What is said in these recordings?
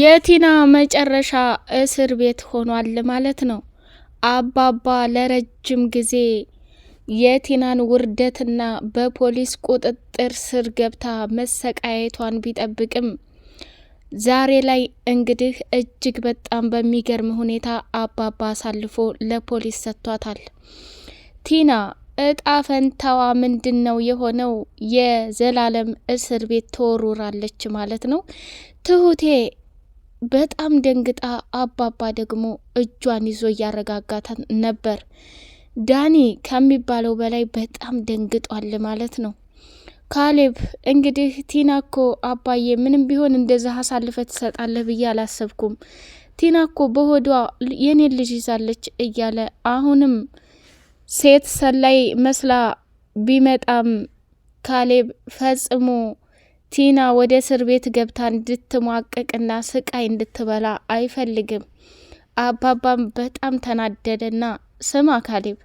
የቲና መጨረሻ እስር ቤት ሆኗል ማለት ነው። አባባ ለረጅም ጊዜ የቲናን ውርደትና በፖሊስ ቁጥጥር ስር ገብታ መሰቃየቷን ቢጠብቅም ዛሬ ላይ እንግዲህ እጅግ በጣም በሚገርም ሁኔታ አባባ አሳልፎ ለፖሊስ ሰጥቷታል። ቲና እጣ ፈንታዋ ምንድን ነው የሆነው? የዘላለም እስር ቤት ተወርውራለች ማለት ነው። ትሁቴ በጣም ደንግጣ አባባ ደግሞ እጇን ይዞ እያረጋጋታ ነበር። ዳኒ ከሚባለው በላይ በጣም ደንግጧል ማለት ነው። ካሌብ እንግዲህ ቲናኮ አባዬ ምንም ቢሆን እንደዛ አሳልፈ ትሰጣለህ ብዬ አላሰብኩም። ቲናኮ በሆዷ የኔ ልጅ ይዛለች እያለ አሁንም ሴት ሰላይ መስላ ቢመጣም ካሌብ ፈጽሞ ቲና ወደ እስር ቤት ገብታ እንድትሟቅቅና ስቃይ እንድትበላ አይፈልግም። አባባም በጣም ተናደደና ስማ ካሌብ፣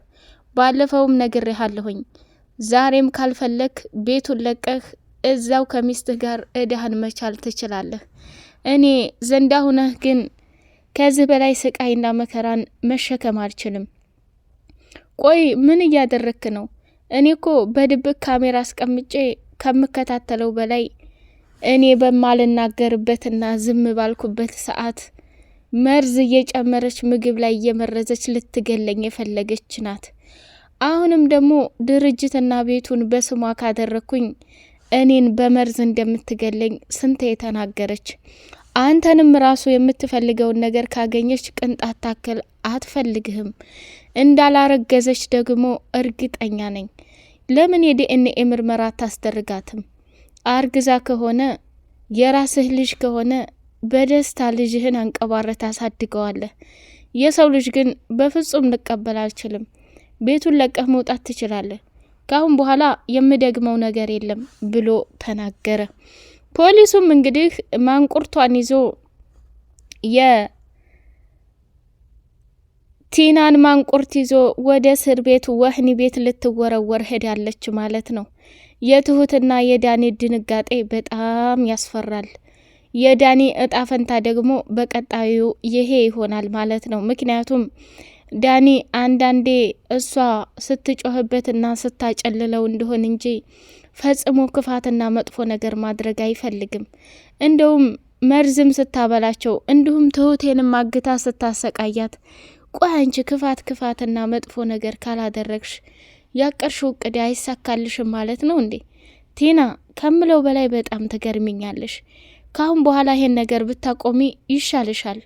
ባለፈውም ነግሬሃለሁኝ፣ ዛሬም ካልፈለክ ቤቱን ለቀህ እዛው ከሚስትህ ጋር እዳህን መቻል ትችላለህ። እኔ ዘንዳ ሁነህ ግን ከዚህ በላይ ስቃይና መከራን መሸከም አልችልም። ቆይ ምን እያደረክ ነው? እኔ እኮ በድብቅ ካሜራ አስቀምጬ ከምከታተለው በላይ እኔ በማልናገርበትና ዝም ባልኩበት ሰዓት መርዝ እየጨመረች ምግብ ላይ እየመረዘች ልትገለኝ የፈለገች ናት። አሁንም ደግሞ ድርጅትና ቤቱን በስሟ ካደረግኩኝ እኔን በመርዝ እንደምትገለኝ ስንት የተናገረች። አንተንም ራሱ የምትፈልገውን ነገር ካገኘች ቅንጣት ታክል አትፈልግህም። እንዳላረገዘች ደግሞ እርግጠኛ ነኝ። ለምን የዲኤንኤ ምርመራ አታስደርጋትም? አርግዛ ከሆነ የራስህ ልጅ ከሆነ በደስታ ልጅህን አንቀባረት ታሳድገዋለህ። የሰው ልጅ ግን በፍጹም ልቀበል አልችልም። ቤቱን ለቀህ መውጣት ትችላለህ። ከአሁን በኋላ የምደግመው ነገር የለም ብሎ ተናገረ። ፖሊሱም እንግዲህ ማንቁርቷን ይዞ የቲናን ማንቁርት ይዞ ወደ እስር ቤት ወህኒ ቤት ልትወረወር ሄዳለች ማለት ነው። የትሁትና የዳኔ ድንጋጤ በጣም ያስፈራል። የዳኒ እጣ ፈንታ ደግሞ በቀጣዩ ይሄ ይሆናል ማለት ነው። ምክንያቱም ዳኒ አንዳንዴ እሷ ስትጮህበትና ስታጨልለው እንደሆን እንጂ ፈጽሞ ክፋትና መጥፎ ነገር ማድረግ አይፈልግም። እንደውም መርዝም ስታበላቸው፣ እንዲሁም ትሁቴንም ማግታ ስታሰቃያት፣ ቆይ አንቺ ክፋት ክፋትና መጥፎ ነገር ካላደረግሽ ያቀርሽው እቅድ አይሳካልሽም ማለት ነው እንዴ? ቲና ከምለው በላይ በጣም ትገርሚኛለሽ። ካሁን በኋላ ይሄን ነገር ብታቆሚ ይሻልሻል።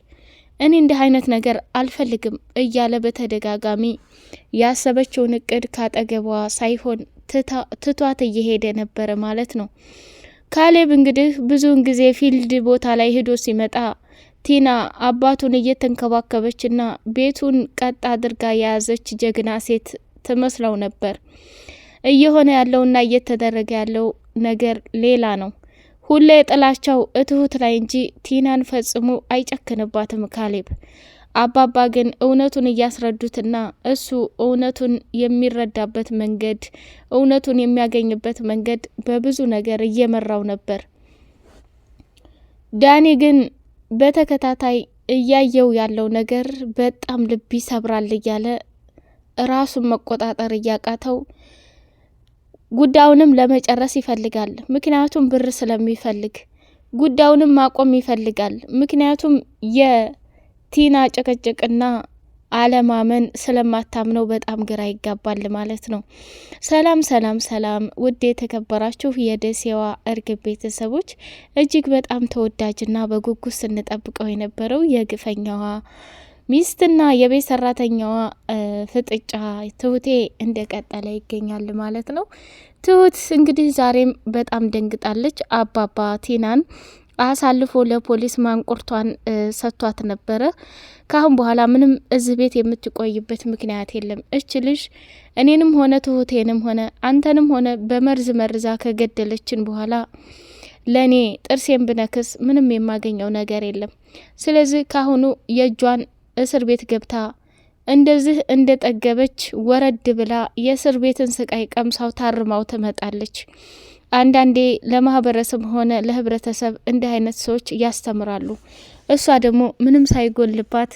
እኔ እንዲህ አይነት ነገር አልፈልግም እያለ በተደጋጋሚ ያሰበችውን እቅድ ካጠገቧ ሳይሆን ትቷት እየሄደ ነበረ ማለት ነው። ካሌብ እንግዲህ ብዙውን ጊዜ ፊልድ ቦታ ላይ ሂዶ ሲመጣ ቲና አባቱን እየተንከባከበችና ቤቱን ቀጥ አድርጋ የያዘች ጀግና ሴት ትመስለው ነበር። እየሆነ ያለውና እየተደረገ ያለው ነገር ሌላ ነው። ሁሌ ጥላቸው እትሁት ላይ እንጂ ቲናን ፈጽሞ አይጨክንባትም ካሌብ። አባባ ግን እውነቱን እያስረዱትና እሱ እውነቱን የሚረዳበት መንገድ እውነቱን የሚያገኝበት መንገድ በብዙ ነገር እየመራው ነበር። ዳኒ ግን በተከታታይ እያየው ያለው ነገር በጣም ልብ ይሰብራል እያለ ራሱን መቆጣጠር እያቃተው ጉዳዩንም ለመጨረስ ይፈልጋል። ምክንያቱም ብር ስለሚፈልግ ጉዳዩንም ማቆም ይፈልጋል። ምክንያቱም የቲና ጭቅጭቅና አለማመን ስለማታምነው በጣም ግራ ይጋባል ማለት ነው። ሰላም ሰላም ሰላም! ውድ የተከበራችሁ የደሴዋ እርግብ ቤተሰቦች እጅግ በጣም ተወዳጅና በጉጉት ስንጠብቀው የነበረው የግፈኛዋ ሚስትና የቤት ሰራተኛዋ ፍጥጫ ትሁቴ እንደቀጠለ ይገኛል ማለት ነው። ትሁት እንግዲህ ዛሬም በጣም ደንግጣለች። አባባ ቲናን አሳልፎ ለፖሊስ ማንቁርቷን ሰጥቷት ነበረ። ካሁን በኋላ ምንም እዚህ ቤት የምትቆይበት ምክንያት የለም። እች ልጅ እኔንም ሆነ ትሁቴንም ሆነ አንተንም ሆነ በመርዝ መርዛ ከገደለችን በኋላ ለእኔ ጥርሴን ብነክስ ምንም የማገኘው ነገር የለም። ስለዚህ ካሁኑ የእጇን እስር ቤት ገብታ እንደዚህ እንደጠገበች ወረድ ብላ የእስር ቤትን ስቃይ ቀምሳው ታርማው ትመጣለች። አንዳንዴ ለማህበረሰብ ሆነ ለህብረተሰብ እንዲህ አይነት ሰዎች ያስተምራሉ። እሷ ደግሞ ምንም ሳይጎልባት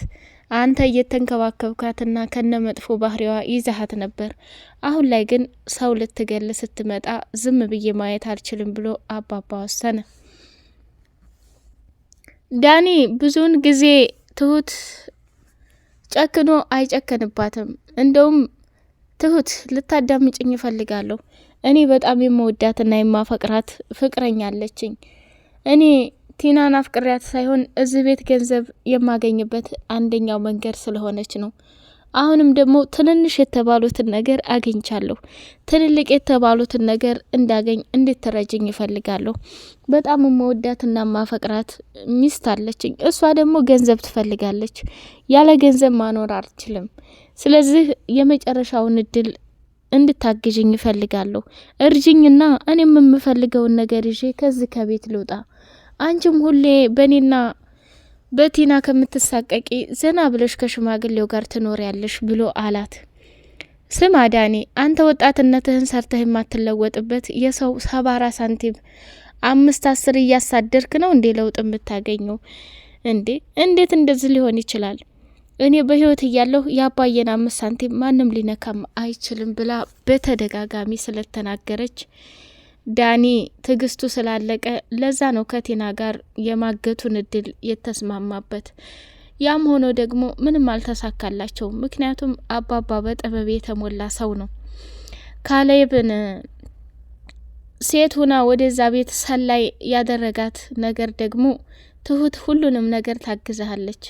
አንተ እየተንከባከብካትና ከነ መጥፎ ባህሪዋ ይዛሀት ነበር። አሁን ላይ ግን ሰው ልትገል ስትመጣ ዝም ብዬ ማየት አልችልም ብሎ አባባ ወሰነ። ዳኒ ብዙውን ጊዜ ትሁት ጨክኖ አይጨከንባትም። እንደውም ትሁት ልታዳምጭኝ እፈልጋለሁ። እኔ በጣም የመወዳትና የማፈቅራት ፍቅረኛ አለችኝ። እኔ ቲናን አፍቅሪያት ሳይሆን እዚህ ቤት ገንዘብ የማገኝበት አንደኛው መንገድ ስለሆነች ነው። አሁንም ደግሞ ትንንሽ የተባሉትን ነገር አግኝቻለሁ። ትልልቅ የተባሉትን ነገር እንዳገኝ እንድትረጅኝ ይፈልጋለሁ። በጣም መወዳትና ማፈቅራት ሚስት አለችኝ። እሷ ደግሞ ገንዘብ ትፈልጋለች። ያለ ገንዘብ ማኖር አልችልም። ስለዚህ የመጨረሻውን እድል እንድታግዥኝ ይፈልጋለሁ። እርጅኝና እኔም የምፈልገውን ነገር ይዤ ከዚህ ከቤት ልውጣ። አንቺም ሁሌ በእኔና በቲና ከምትሳቀቂ ዘና ብለሽ ከሽማግሌው ጋር ትኖሪያለሽ ብሎ አላት። ስማ ዳኒ፣ አንተ ወጣትነትህን ሰርተህ የማትለወጥበት የሰው ሰባራ ሳንቲም አምስት አስር እያሳደርክ ነው እንዴ ለውጥ የምታገኘው? እንዴ እንዴት እንደዚህ ሊሆን ይችላል? እኔ በህይወት እያለሁ የአባየን አምስት ሳንቲም ማንም ሊነካም አይችልም ብላ በተደጋጋሚ ስለተናገረች ዳኒ ትዕግስቱ ስላለቀ ለዛ ነው ከቴና ጋር የማገቱን እድል የተስማማበት። ያም ሆኖ ደግሞ ምንም አልተሳካላቸውም። ምክንያቱም አባባ በጥበብ የተሞላ ሰው ነው። ካሌብን ሴት ሁና ወደዛ ቤት ሰላይ ያደረጋት ነገር ደግሞ ትሁት ሁሉንም ነገር ታግዛሃለች።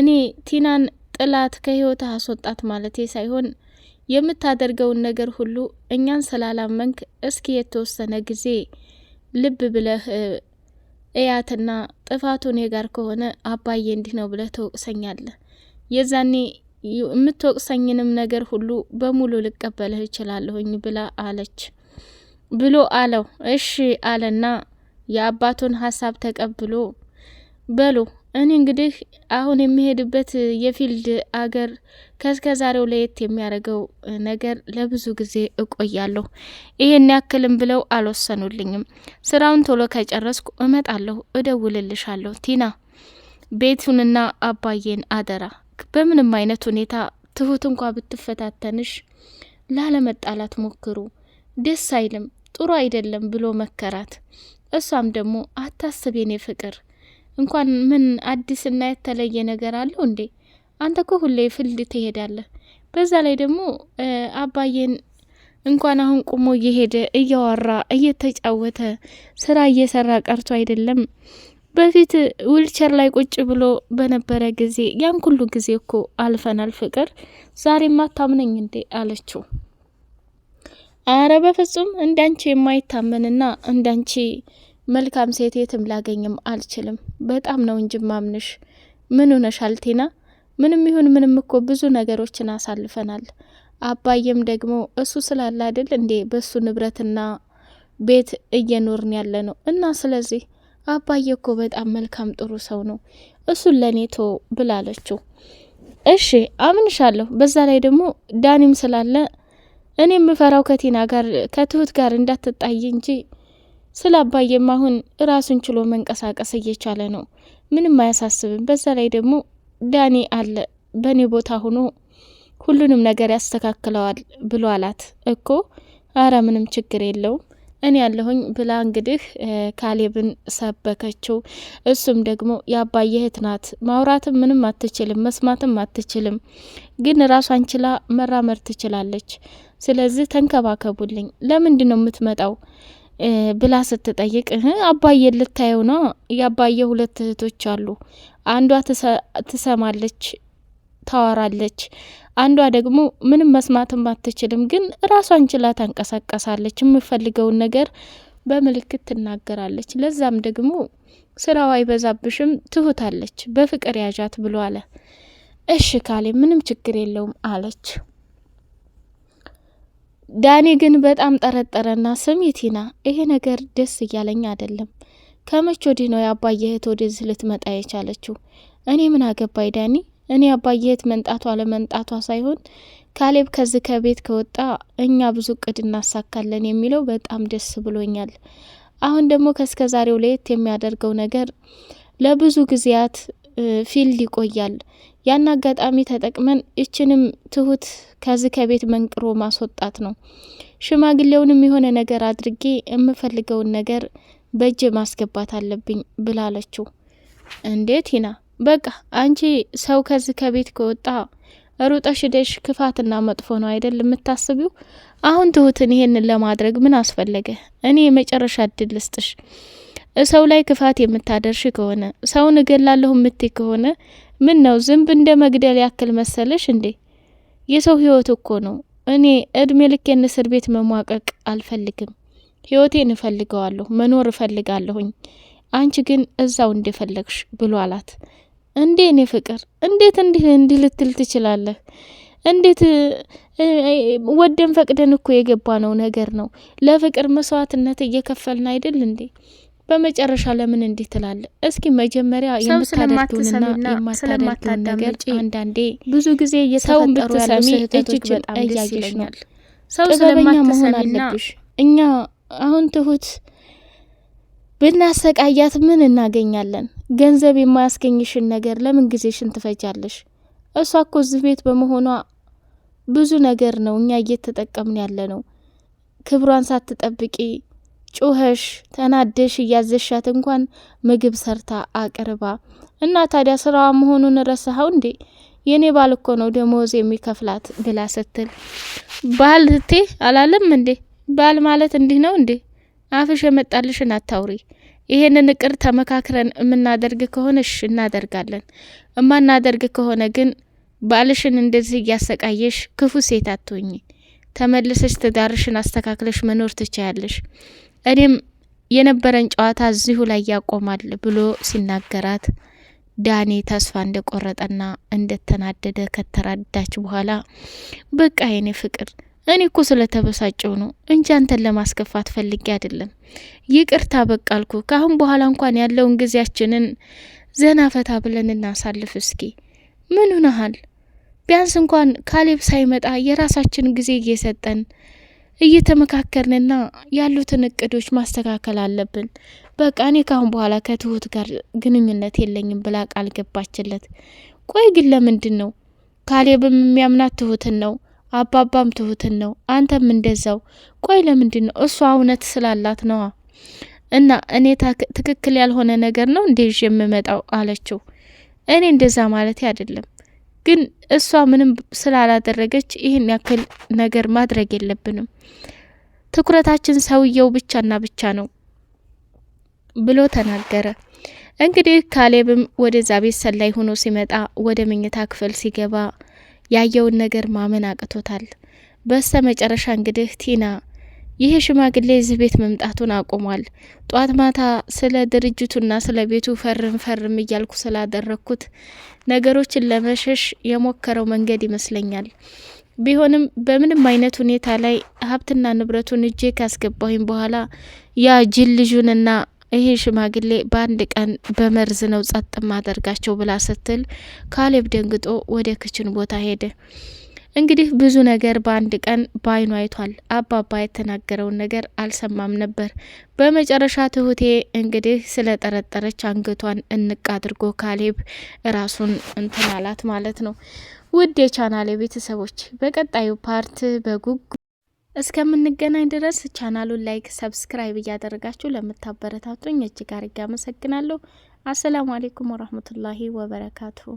እኔ ቲናን ጥላት ከህይወት አስወጣት ማለቴ ሳይሆን የምታደርገውን ነገር ሁሉ እኛን ስላላመንክ እስኪ የተወሰነ ጊዜ ልብ ብለህ እያትና ጥፋቱ እኔ ጋር ከሆነ አባዬ እንዲህ ነው ብለህ ትወቅሰኛለህ። የዛኔ የምትወቅሰኝንም ነገር ሁሉ በሙሉ ልቀበልህ እችላለሁኝ ብላ አለች ብሎ አለው። እሺ አለና የአባቱን ሀሳብ ተቀብሎ በሉ እኔ እንግዲህ አሁን የሚሄድበት የፊልድ አገር ከእስከ ዛሬው ለየት የሚያደርገው ነገር ለብዙ ጊዜ እቆያለሁ። ይሄን ያክልም ብለው አልወሰኑልኝም። ስራውን ቶሎ ከጨረስኩ እመጣለሁ፣ እደውልልሻለሁ። ቲና ቤቱንና አባዬን አደራ። በምንም አይነት ሁኔታ ትሁት እንኳ ብትፈታተንሽ ላለመጣላት ሞክሩ፣ ደስ አይልም፣ ጥሩ አይደለም ብሎ መከራት። እሷም ደግሞ አታስብ የኔ ፍቅር እንኳን ምን አዲስና የተለየ ነገር አለው እንዴ? አንተ ኮ ሁሌ ፍልድ ትሄዳለህ። በዛ ላይ ደግሞ አባዬን እንኳን አሁን ቁሞ እየሄደ እያወራ እየተጫወተ ስራ እየሰራ ቀርቶ አይደለም በፊት ዊልቸር ላይ ቁጭ ብሎ በነበረ ጊዜ ያን ሁሉ ጊዜ እኮ አልፈናል። ፍቅር ዛሬ አታምነኝ እንዴ አለችው። አረ በፍጹም እንዳንቺ የማይታመንና እንዳንቺ መልካም ሴት የትም ላገኝም አልችልም። በጣም ነው እንጂ ማምንሽ። ምን ሆነሻል ቲና? ምንም ይሁን ምንም እኮ ብዙ ነገሮችን አሳልፈናል። አባዬም ደግሞ እሱ ስላለ አይደል እንዴ በሱ ንብረትና ቤት እየኖርን ያለ ነው እና ስለዚህ አባዬ እኮ በጣም መልካም ጥሩ ሰው ነው። እሱን ለእኔ ቶ ብላለችው። እሺ አምንሻለሁ። በዛ ላይ ደግሞ ዳኒም ስላለ እኔ የምፈራው ከቲና ጋር ከትሁት ጋር እንዳትጣይ እንጂ ስለ አባዬም አሁን ራሱን ችሎ መንቀሳቀስ እየቻለ ነው። ምንም አያሳስብም። በዛ ላይ ደግሞ ዳኒ አለ በእኔ ቦታ ሆኖ ሁሉንም ነገር ያስተካክለዋል ብሎ አላት እኮ። አረ ምንም ችግር የለውም እኔ ያለሁኝ ብላ እንግዲህ ካሌብን ሰበከችው። እሱም ደግሞ የአባዬ እህት ናት፣ ማውራትም ምንም አትችልም፣ መስማትም አትችልም፣ ግን ራሷን ችላ መራመድ ትችላለች። ስለዚህ ተንከባከቡልኝ። ለምንድን ነው የምትመጣው? ብላ ስትጠይቅ አባዬ ልታየው ነው። የአባዬ ሁለት እህቶች አሉ። አንዷ ትሰማለች፣ ታወራለች። አንዷ ደግሞ ምንም መስማትም አትችልም፣ ግን ራሷን ችላ ታንቀሳቀሳለች። የምፈልገውን ነገር በምልክት ትናገራለች። ለዛም ደግሞ ስራዋ አይበዛብሽም፣ ትሁታለች። በፍቅር ያዣት ብሎ አለ። እሺ ካሌ ምንም ችግር የለውም አለች። ዳኔ ግን በጣም ጠረጠረና ስሚ ቲና፣ ይሄ ነገር ደስ እያለኝ አይደለም። ከመቾ ወዲህ ነው የአባዬ እህት ወደዚህ ልትመጣ የቻለችው? እኔ ምን አገባኝ ዳኒ። እኔ አባዬ እህት መንጣቷ ለመንጣቷ ሳይሆን ካሌብ ከዚህ ከቤት ከወጣ እኛ ብዙ እቅድ እናሳካለን የሚለው በጣም ደስ ብሎኛል። አሁን ደግሞ ከእስከ ዛሬው ለየት የሚያደርገው ነገር ለብዙ ጊዜያት ፊልድ ይቆያል። ያን አጋጣሚ ተጠቅመን ይችንም ትሁት ከዚህ ከቤት መንቅሮ ማስወጣት ነው። ሽማግሌውንም የሆነ ነገር አድርጌ የምፈልገውን ነገር በእጅ ማስገባት አለብኝ ብላለችው። እንዴት ይና በቃ አንቺ ሰው ከዚህ ከቤት ከወጣ ሩጠሽ ሄደሽ ክፋትና መጥፎ ነው አይደል የምታስቢው? አሁን ትሁትን ይሄንን ለማድረግ ምን አስፈለገ? እኔ የመጨረሻ እድል ልስጥሽ። ሰው ላይ ክፋት የምታደርሽ ከሆነ ሰውን እገላለሁ ምት ከሆነ ምን ነው ዝንብ እንደ መግደል ያክል መሰለሽ እንዴ? የሰው ህይወት እኮ ነው። እኔ እድሜ ልኬን እስር ቤት መሟቀቅ አልፈልግም። ህይወቴን እፈልገዋለሁ፣ መኖር እፈልጋለሁኝ። አንቺ ግን እዛው እንደፈለግሽ ብሎ አላት። እንዴ እኔ ፍቅር፣ እንዴት እንዲህ እንዲህ ልትል ትችላለህ? እንዴት ወደን ፈቅደን እኮ የገባ ነው ነገር ነው። ለፍቅር መስዋዕትነት እየከፈልን አይደል እንዴ? በመጨረሻ ለምን እንዲህ ትላለ እስኪ መጀመሪያ የምታደርጉንና የማታደርጉን ነገር አንዳንዴ ብዙ ጊዜ ሰውን ብትሰሚ እጅችን እያየሽ ነው። ጥበበኛ መሆን አለብሽ። እኛ አሁን ትሁት ብናሰቃያት ምን እናገኛለን? ገንዘብ የማያስገኝሽን ነገር ለምን ጊዜሽን ትፈጃለሽ? እሷ እኮ እዚህ ቤት በመሆኗ ብዙ ነገር ነው እኛ እየተጠቀምን ያለ ነው። ክብሯን ሳትጠብቂ ጩኸሽ ተናደሽ እያዘሻት እንኳን ምግብ ሰርታ አቅርባ እና ታዲያ ስራዋ መሆኑን ረሳኸው እንዴ? የኔ ባል እኮ ነው ደሞዝ የሚከፍላት ብላ ስትል ባል እቴ አላለም እንዴ? ባል ማለት እንዲህ ነው እንዴ? አፍሽ የመጣልሽን አታውሪ። ይሄንን እቅር ተመካክረን የምናደርግ ከሆነሽ እናደርጋለን። እማናደርግ ከሆነ ግን ባልሽን እንደዚህ እያሰቃየሽ ክፉ ሴት አትሆኚ። ተመልሰሽ ትዳርሽን አስተካክለሽ መኖር ትቻያለሽ። እኔም የነበረን ጨዋታ እዚሁ ላይ ያቆማል ብሎ ሲናገራት ዳኔ ተስፋ እንደቆረጠና እንደተናደደ ከተራዳች በኋላ በቃ የኔ ፍቅር እኔ እኮ ስለተበሳጨው ነው እንጂ አንተን ለማስከፋት ፈልጌ አይደለም። ይቅርታ በቃልኩ ካሁን በኋላ እንኳን ያለውን ጊዜያችንን ዘና ፈታ ብለን እናሳልፍ። እስኪ ምን ሆነሃል? ቢያንስ እንኳን ካሌብ ሳይመጣ የራሳችን ጊዜ እየሰጠን እየተመካከርንና ያሉትን እቅዶች ማስተካከል አለብን። በቃ እኔ ካሁን በኋላ ከትሁት ጋር ግንኙነት የለኝም ብላ ቃል ገባችለት። ቆይ ግን ለምንድን ነው ካሌብም የሚያምናት ትሁትን ነው፣ አባባም ትሁትን ነው፣ አንተም እንደዛው። ቆይ ለምንድን ነው? እሷ እውነት ስላላት ነዋ። እና እኔ ትክክል ያልሆነ ነገር ነው እንዴ ይዤ የምመጣው አለችው። እኔ እንደዛ ማለት አይደለም ግን እሷ ምንም ስላላደረገች ይህን ያክል ነገር ማድረግ የለብንም። ትኩረታችን ሰውየው ብቻና ብቻ ነው ብሎ ተናገረ። እንግዲህ ካሌብም ወደዛ ቤት ሰላይ ሆኖ ሲመጣ ወደ መኝታ ክፍል ሲገባ ያየውን ነገር ማመን አቅቶታል። በስተ መጨረሻ እንግዲህ ቲና ይህ ሽማግሌ እዚህ ቤት መምጣቱን አቁሟል። ጧት ማታ ስለ ድርጅቱና ስለ ቤቱ ፈርም ፈርም እያልኩ ስላደረግኩት ነገሮችን ለመሸሽ የሞከረው መንገድ ይመስለኛል። ቢሆንም በምንም አይነት ሁኔታ ላይ ሀብትና ንብረቱን እጄ ካስገባሁኝ በኋላ ያ ጅል ልጁንና ይሄ ሽማግሌ በአንድ ቀን በመርዝ ነው ጸጥ ማደርጋቸው ብላ ስትል ካሌብ ደንግጦ ወደ ክችን ቦታ ሄደ። እንግዲህ ብዙ ነገር በአንድ ቀን በዓይኑ አይቷል። አባባ የተናገረውን ነገር አልሰማም ነበር። በመጨረሻ ትሁቴ እንግዲህ ስለጠረጠረች አንገቷን እንቅ አድርጎ ካሌብ ራሱን እንትን አላት ማለት ነው። ውድ የቻናሌ ቤተሰቦች በቀጣዩ ፓርት በጉጉ እስከምንገናኝ ድረስ ቻናሉን ላይክ፣ ሰብስክራይብ እያደረጋችሁ ለምታበረታቱኝ እጅግ አርጌ አመሰግናለሁ። አሰላሙ አሌይኩም ወረህመቱላሂ ወበረካቱሁ።